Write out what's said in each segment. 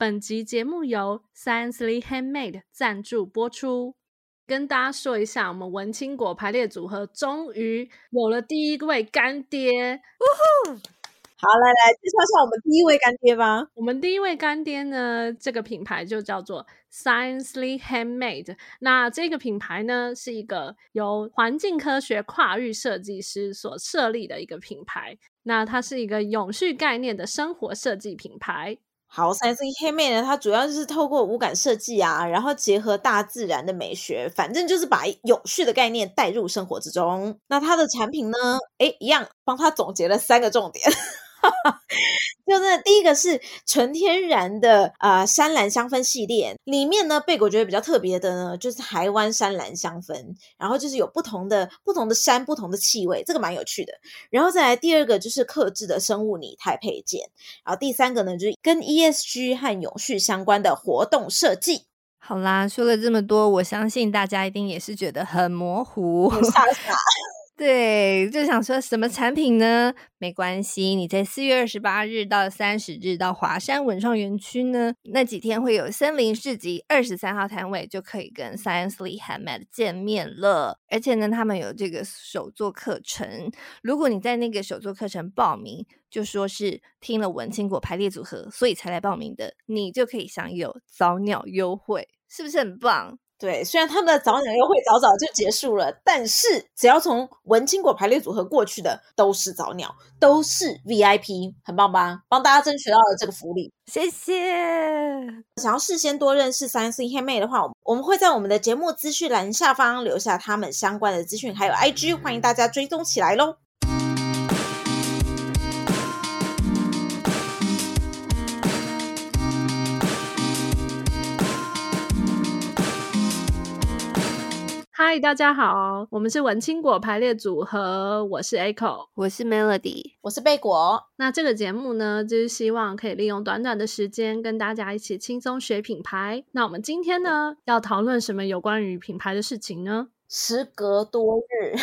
本集節目由 Sciencely Handmade 贊助播出。跟大家說一下，我們文青果排列組合終於有了第一位乾爹！哦吼！好，來來，介紹一下我們第一位乾爹吧。我們第一位乾爹呢，這個品牌就叫做 Sciencely Handmade。那這個品牌呢，是一個由環境科學跨域設計師所設立的一個品牌。那它是一個永續概念的生活設計品牌。好，Sciencely Handmade 呢，它主要就是透過五感設計啊，然後結合大自然的美學，反正就是把有序的概念帶入生活之中。那它的產品呢，哎，一樣，幫他總結了三個重點。哈哈， 就是第一個是純天然的啊、呃、山蘭香氛系列，裡面呢貝果覺得比較特別的呢，就是台灣山蘭香氛，然後就是有不同的不同的山不同的氣味，這個蠻有趣的。然後再來第二個就是客製的生物擬態配件，然後第三個呢就是跟 ESG 和永續相關的活動設計。好啦，說了這麼多，我相信大家一定也是覺得很模糊。 對，就想說什麼產品呢？沒關係，你在四月二十八日到三十日到華山文創園區呢，那幾天會有森林市集二十三號攤位，就可以跟 Sciencely Handmade 見面了。而且呢，他們有這個手作課程，如果你在那個手作課程報名，就說是聽了文青果排列組合，所以才來報名的，你就可以享有早鳥優惠，是不是很棒？對，雖然他們的早鳥優惠早早就結束了，但是只要從文青果排列組合過去的都是早鳥，都是 VIP，很棒吧？幫大家爭取到了這個福利，謝謝。想要事先多認識 Sciencely Handmade 的話，我們會在我們的節目資訊欄下方留下他們相關的資訊，還有 IG，歡迎大家追蹤起來嘍。嗨，Hi, 大家好，我們是文青果排列組合，我是 Echo，我是 Melody，我是貝果。那這個節目呢，就是希望可以利用短短的時間，跟大家一起輕鬆學品牌。那我們今天呢，要討論什麼有關於品牌的事情呢？時隔多日。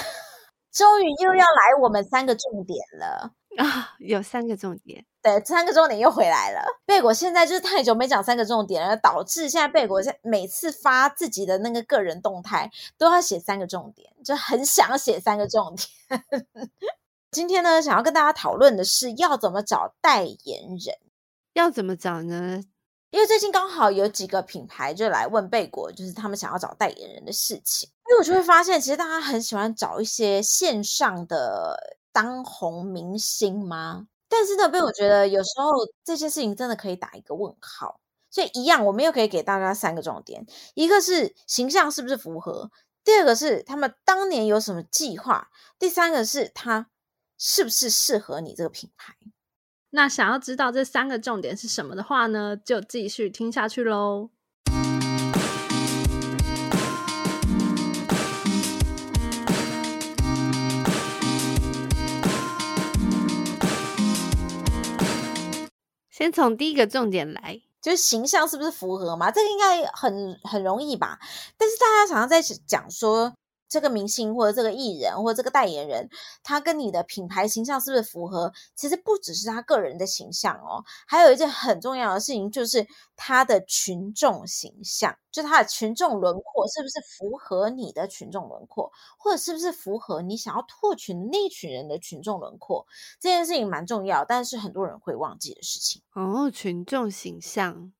終於又要來我們三個重點了啊、哦！有三個重點，對，三個重點又回來了。貝果現在就是太久沒講三個重點了，導致現在貝果在每次發自己的那個個人動態都要寫三個重點，就很想寫三個重點。 今天呢，想要跟大家討論的是要怎麼找代言人，要怎麼找呢？因為最近剛好有幾個品牌就來問貝果，就是他們想要找代言人的事情。因為我就會發現，其實大家很喜歡找一些線上的當紅明星嗎？但是呢，貝果我覺得有時候這些事情真的可以打一個問號。所以一樣，我們又可以給大家三個重點：一個是形象是不是符合；第二個是他們當年有什麼計劃；第三個是他是不是適合你這個品牌。那想要知道這三個重點是什麼的話呢，就繼續聽下去嘍。先從第一個重點來，就是形象是不是符合嘛？這個應該很很容易吧？但是大家常常在講說，這個明星或者這個藝人或者這個代言人，他跟你的品牌形象是不是符合？其實不只是他個人的形象哦，還有一件很重要的事情，就是他的群眾形象，就是他的群眾輪廓是不是符合你的群眾輪廓，或者是不是符合你想要拓群那群人的群眾輪廓？這件事情蠻重要，但是很多人會忘記的事情。哦，群眾形象，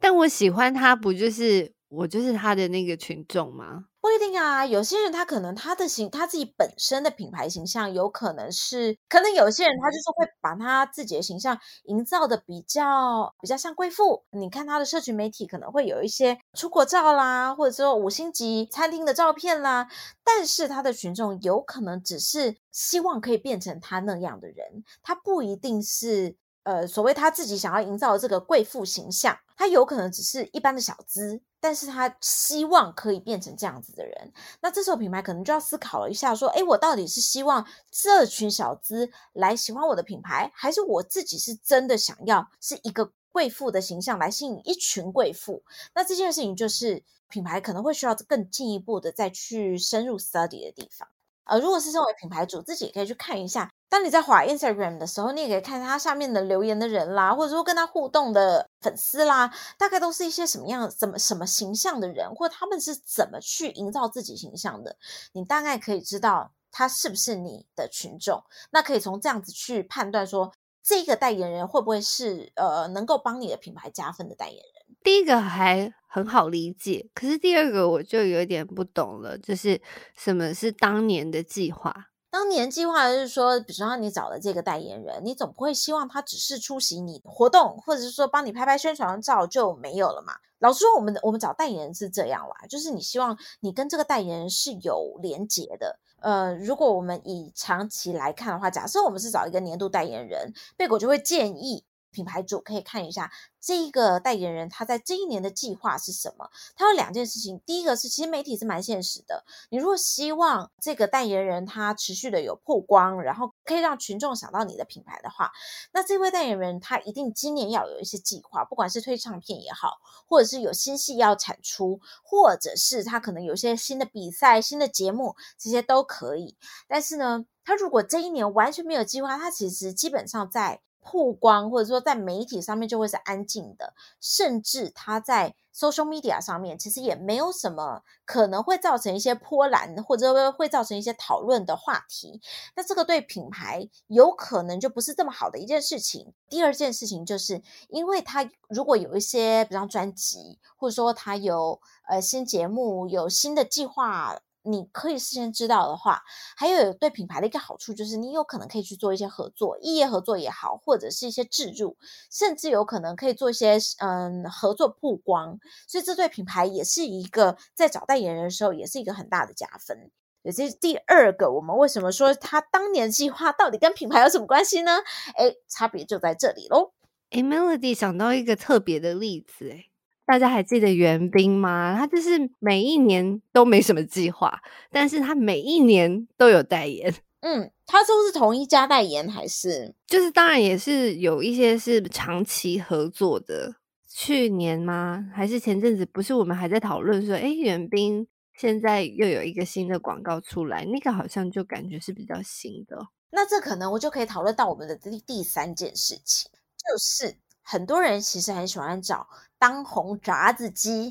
但我喜歡他，不就是我就是他的那個群眾嗎？不一定啊，有些人他可能他的形他自己本身的品牌形象有可能是，可能有些人他就是會把他自己的形象營造的比較比較像貴婦。你看他的社群媒體可能會有一些出國照啦，或者說五星級餐廳的照片啦，但是他的群眾有可能只是希望可以變成他那樣的人，他不一定是呃所謂他自己想要營造的這個貴婦形象，他有可能只是一般的小資。但是他希望可以變成這樣子的人，那這時候品牌可能就要思考了一下，說：哎、欸，我到底是希望這群小資來喜歡我的品牌，還是我自己是真的想要是一個貴婦的形象來吸引一群貴婦？那這件事情就是品牌可能會需要更進一步的再去深入 study 的地方。呃，如果是身為品牌主，自己也可以去看一下。當你在滑 Instagram 的時候，你也可以看一下他下面的留言的人啦，或者說跟他互動的粉絲啦，大概都是一些什麼樣、怎麼、什麼形象的人，或他們是怎麼去營造自己形象的，你大概可以知道他是不是你的群眾。那可以從這樣子去判斷說，說這個代言人會不會是呃能夠幫你的品牌加分的代言人。第一個還很好理解，可是第二個我就有點不懂了，就是什麼是當年的計劃？當年計劃就是說，比如說你找了這個代言人，你總不會希望他只是出席你的活動，或者是說幫你拍拍宣傳照就沒有了嘛？老實說我，我們我們找代言人是這樣啦、啊，就是你希望你跟這個代言人是有連結的。呃，如果我們以長期來看的話，假設我們是找一個年度代言人，貝果就會建議。品牌主可以看一下這一個代言人，他在這一年的計劃是什麼？他有兩件事情。第一個是，其實媒體是蠻現實的。你如果希望這個代言人他持續的有曝光，然後可以讓群眾想到你的品牌的話，那這位代言人他一定今年要有一些計劃，不管是推唱片也好，或者是有新戲要產出，或者是他可能有些新的比賽、新的節目，這些都可以。但是呢，他如果這一年完全沒有計劃，他其實基本上在。曝光或者說在媒體上面就會是安靜的，甚至他在 social media 上面其實也沒有什麼可能會造成一些波瀾，或者會造成一些討論的話題。那這個對品牌有可能就不是這麼好的一件事情。第二件事情就是，因為他如果有一些，比方專輯，或者說他有呃新節目，有新的計劃。你可以事先知道的話，還有對品牌的一個好處就是，你有可能可以去做一些合作，異業合作也好，或者是一些置入，甚至有可能可以做一些嗯合作曝光，所以這對品牌也是一個在找代言人的時候也是一個很大的加分。這是第二個，我們為什麼說他當年計劃到底跟品牌有什麼關係呢？哎，差別就在這裡嘍。哎，Melody 想到一個特別的例子誒，大家還記得袁冰嗎？他就是每一年都沒什麼計劃，但是他每一年都有代言。嗯，他說是同一家代言還是？就是當然也是有一些是長期合作的。去年嗎？還是前陣子？不是我們還在討論說，哎，袁冰現在又有一個新的廣告出來，那個好像就感覺是比較新的。那這可能我就可以討論到我們的第第三件事情，就是。很多人其實很喜歡找當紅炸子雞，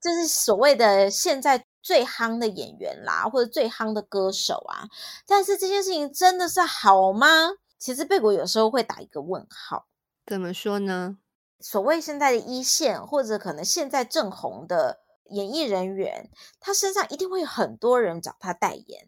就是所謂的現在最夯的演員啦，或者最夯的歌手啊。但是這件事情真的是好嗎？其實貝果有時候會打一個問號。怎麼說呢？所謂現在的一線，或者可能現在正紅的演藝人員，他身上一定會有很多人找他代言，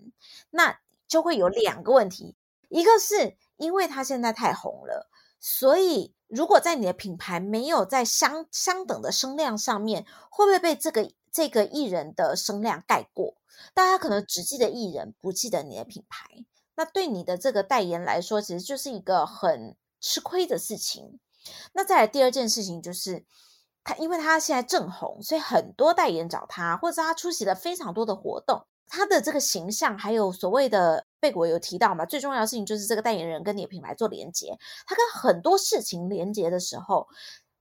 那就會有兩個問題：一個是因為他現在太紅了，所以如果在你的品牌沒有在相相等的聲量上面，會不會被這個這個藝人的聲量蓋過？大家可能只記得藝人，不記得你的品牌。那對你的這個代言來說，其實就是一個很吃虧的事情。那再來第二件事情就是，他因為他現在正紅，所以很多代言找他，或者是他出席了非常多的活動，他的這個形象還有所謂的。貝果有提到嘛，最重要的事情就是這個代言人跟你的品牌做連接。他跟很多事情連接的時候，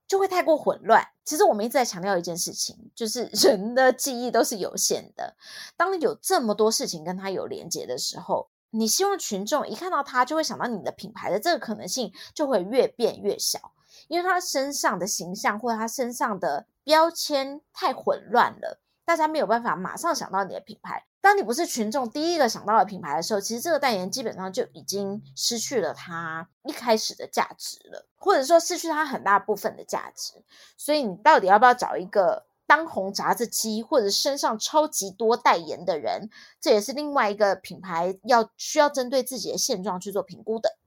就會太過混亂。其實我們一直在強調一件事情，就是人的記憶都是有限的。當你有這麼多事情跟他有連接的時候，你希望群眾一看到他就會想到你的品牌的這個可能性就會越變越小，因為他身上的形象或者他身上的標籤太混亂了，大家沒有辦法馬上想到你的品牌。當你不是群眾第一個想到的品牌的時候，其實這個代言基本上就已經失去了它一開始的價值了，或者說失去它很大部分的價值。所以你到底要不要找一個當紅炸子雞或者身上超級多代言的人，這也是另外一個品牌要需要針對自己的現狀去做評估的。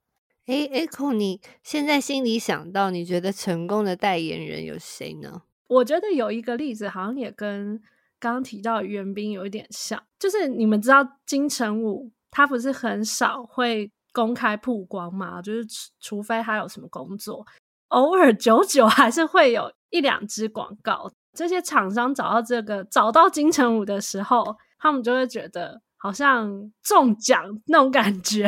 誒，哎，Echo，你現在心裡想到你覺得成功的代言人有誰呢？我覺得有一個例子好像也跟。剛剛提到的元彬有一點像，就是你們知道金城武他不是很少會公開曝光嗎？就是除非他有什麼工作，偶爾久久還是會有一兩支廣告。這些廠商找到這個，找到金城武的時候，他們就會覺得好像中獎那種感覺，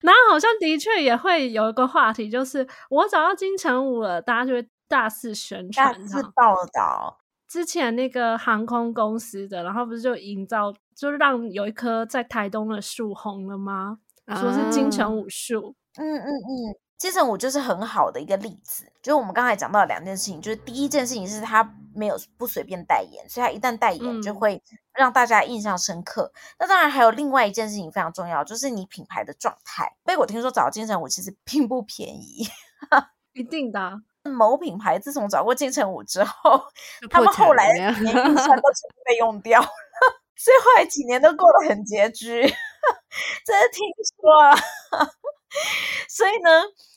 然後好像的確也會有一個話題，就是我找到金城武了，大家就會大肆宣傳、大肆報道。之前那個航空公司的，然後不是就營造，就讓有一棵在台東的樹紅了嗎？嗯、說是金城武樹，嗯，嗯嗯嗯，金城武就是很好的一個例子。就是我們剛才講到兩件事情，就是第一件事情是他沒有不隨便代言，所以他一旦代言就會讓大家印象深刻。嗯、那當然還有另外一件事情非常重要，就是你品牌的狀態。因為我聽說找金城武其實並不便宜， 一定的。某品牌自從找過金城武之後，他們後來年預算都全部被用掉了， 所以後來幾年都過得很拮據，真的聽說啊。 所以呢，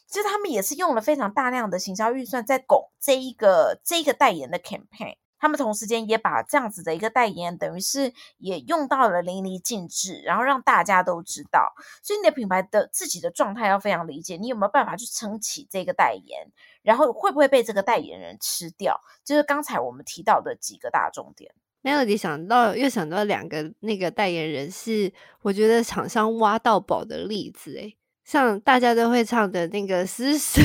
其實他們也是用了非常大量的行銷預算在拱這一個這一個代言的 campaign。他們同時間也把這樣子的一個代言，等於是也用到了淋漓盡致，然後讓大家都知道。所以你的品牌的自己的狀態要非常理解，你有沒有辦法去撐起這個代言？然後會不會被這個代言人吃掉？就是剛才我們提到的幾個大重點。沒有，你想到又想到兩個那個代言人是，我覺得廠商挖到寶的例子哎、欸，像大家都會唱的那個詩詩。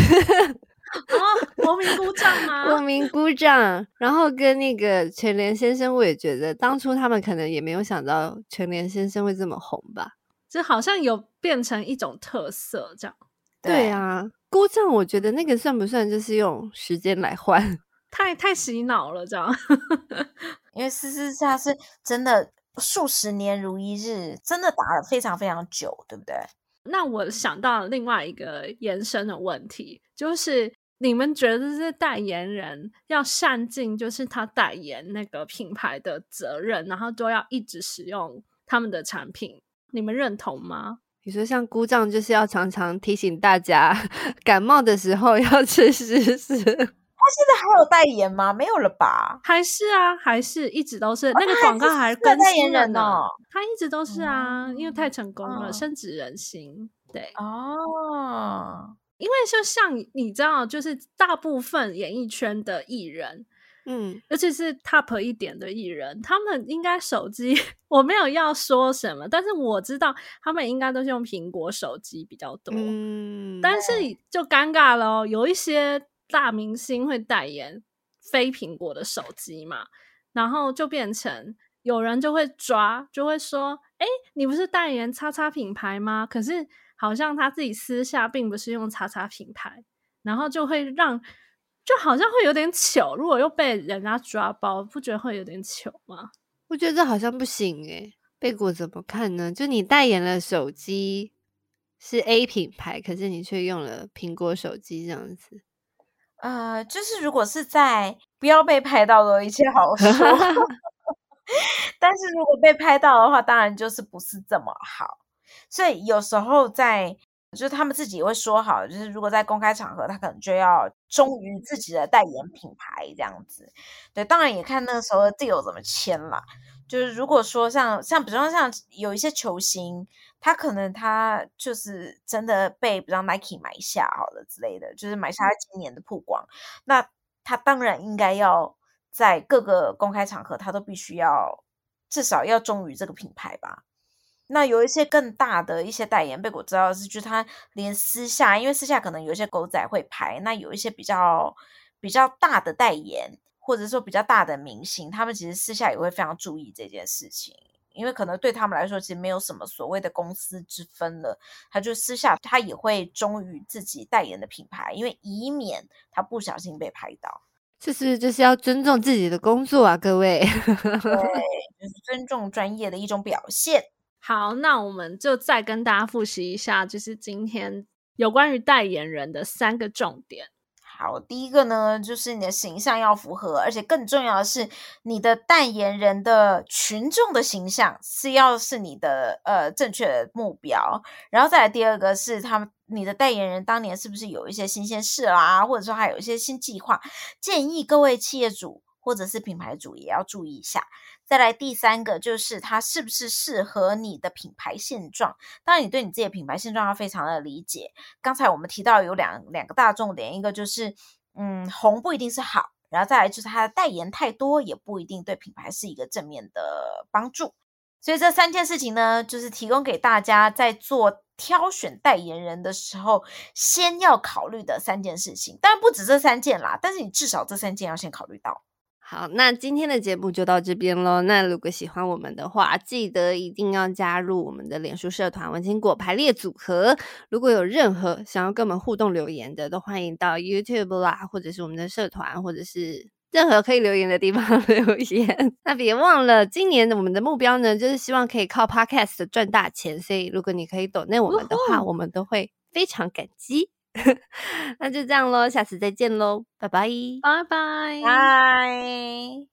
國民鼓掌嗎？國民鼓掌，然後跟那個全聯先生，我也覺得當初他們可能也沒有想到全聯先生會這麼紅吧，就好像有變成一種特色這樣。對啊，鼓掌，我覺得那個算不算就是用時間來換 ？太太洗腦了這樣， 因為斯斯他是真的數十年如一日，真的打了非常非常久，對不對？那我想到另外一個延伸的問題就是。你們覺得這是代言人要善盡就是他代言那個品牌的責任，然後都要一直使用他們的產品，你們認同嗎？你說像姑丈就是要常常提醒大家，感冒的時候要吃斯斯。他現在還有代言嗎？沒有了吧？還是啊，還是一直都是,、哦是個哦、那個廣告還是代言人呢？他一直都是啊，嗯、因為太成功了，深植、哦、人心。對哦。因為就像你知道，就是大部分演藝圈的藝人，嗯，尤其是 top 一點的藝人，他們應該手機我沒有要說什麼，但是我知道他們應該都是用蘋果手機比較多。嗯，但是就尷尬咯，有一些大明星會代言非蘋果的手機嘛，然後就變成有人就會抓，就會說：“哎，你不是代言叉叉品牌嗎？可是。”好像他自己私下並不是用叉叉品牌，然後就會讓，就好像會有點糗。如果又被人家抓包，不覺得會有點糗嗎？我覺得這好像不行誒、欸、貝果怎麼看呢？就你代言了手機是 A 品牌，可是你卻用了蘋果手機這樣子。呃，就是如果是在不要被拍到的一切好說。 但是如果被拍到的話，當然就是不是這麼好。所以有時候在，就是他們自己也會說好，就是如果在公開場合，他可能就要忠於自己的代言品牌這樣子。對，當然也看那個時候的 deal 怎麼簽啦。就是如果說像像，比方像有一些球星，他可能他就是真的被比方 Nike 買下好了之類的，就是買下他今年的曝光，那他當然應該要在各個公開場合，他都必須要至少要忠於這個品牌吧。那有一些更大的一些代言被我知道的是，就是他連私下，因為私下可能有一些狗仔會拍。那有一些比較比較大的代言，或者說比較大的明星，他們其實私下也會非常注意這件事情，因為可能對他們來說，其實沒有什麼所謂的公司之分公私之分了。他就私下他也會忠於自己代言的品牌，因為以免他不小心被拍到。這是就是要尊重自己的工作啊，各位。 對，就是尊重專業的一種表現。好，那我們就再跟大家復習一下，就是今天有關於代言人的三個重點。好，第一個呢，就是你的形象要符合，而且更重要的是，你的代言人的群眾的形象是要是你的呃正確的目標。然後再來第二個是他們，你的代言人當年是不是有一些新鮮事啦、啊，或者說還有一些新計劃？建議各位企業主或者是品牌主也要注意一下。再來第三個就是它是不是適合你的品牌現狀？當然，你對你自己的品牌現狀要非常的理解。剛才我們提到有兩兩個大重點，一個就是嗯紅不一定是好，然後再來就是它的代言太多也不一定對品牌是一個正面的幫助。所以這三件事情呢，就是提供給大家在做挑選代言人的時候先要考慮的三件事情。當然不止這三件啦，但是你至少這三件要先考慮到。好，那今天的節目就到這邊嘍。那如果喜歡我們的話，記得一定要加入我們的臉書社團“文青果排列組合”。如果有任何想要跟我們互動留言的，都歡迎到 YouTube 啦，或者是我們的社團，或者是任何可以留言的地方留言。 那別忘了，今年的我們的目標呢，就是希望可以靠 Podcast 賺大錢。所以，如果你可以 Donate 我們的話，哦、吼我們都會非常感激。 那就這樣嘍，下次再見嘍，拜拜，拜拜 bye，拜。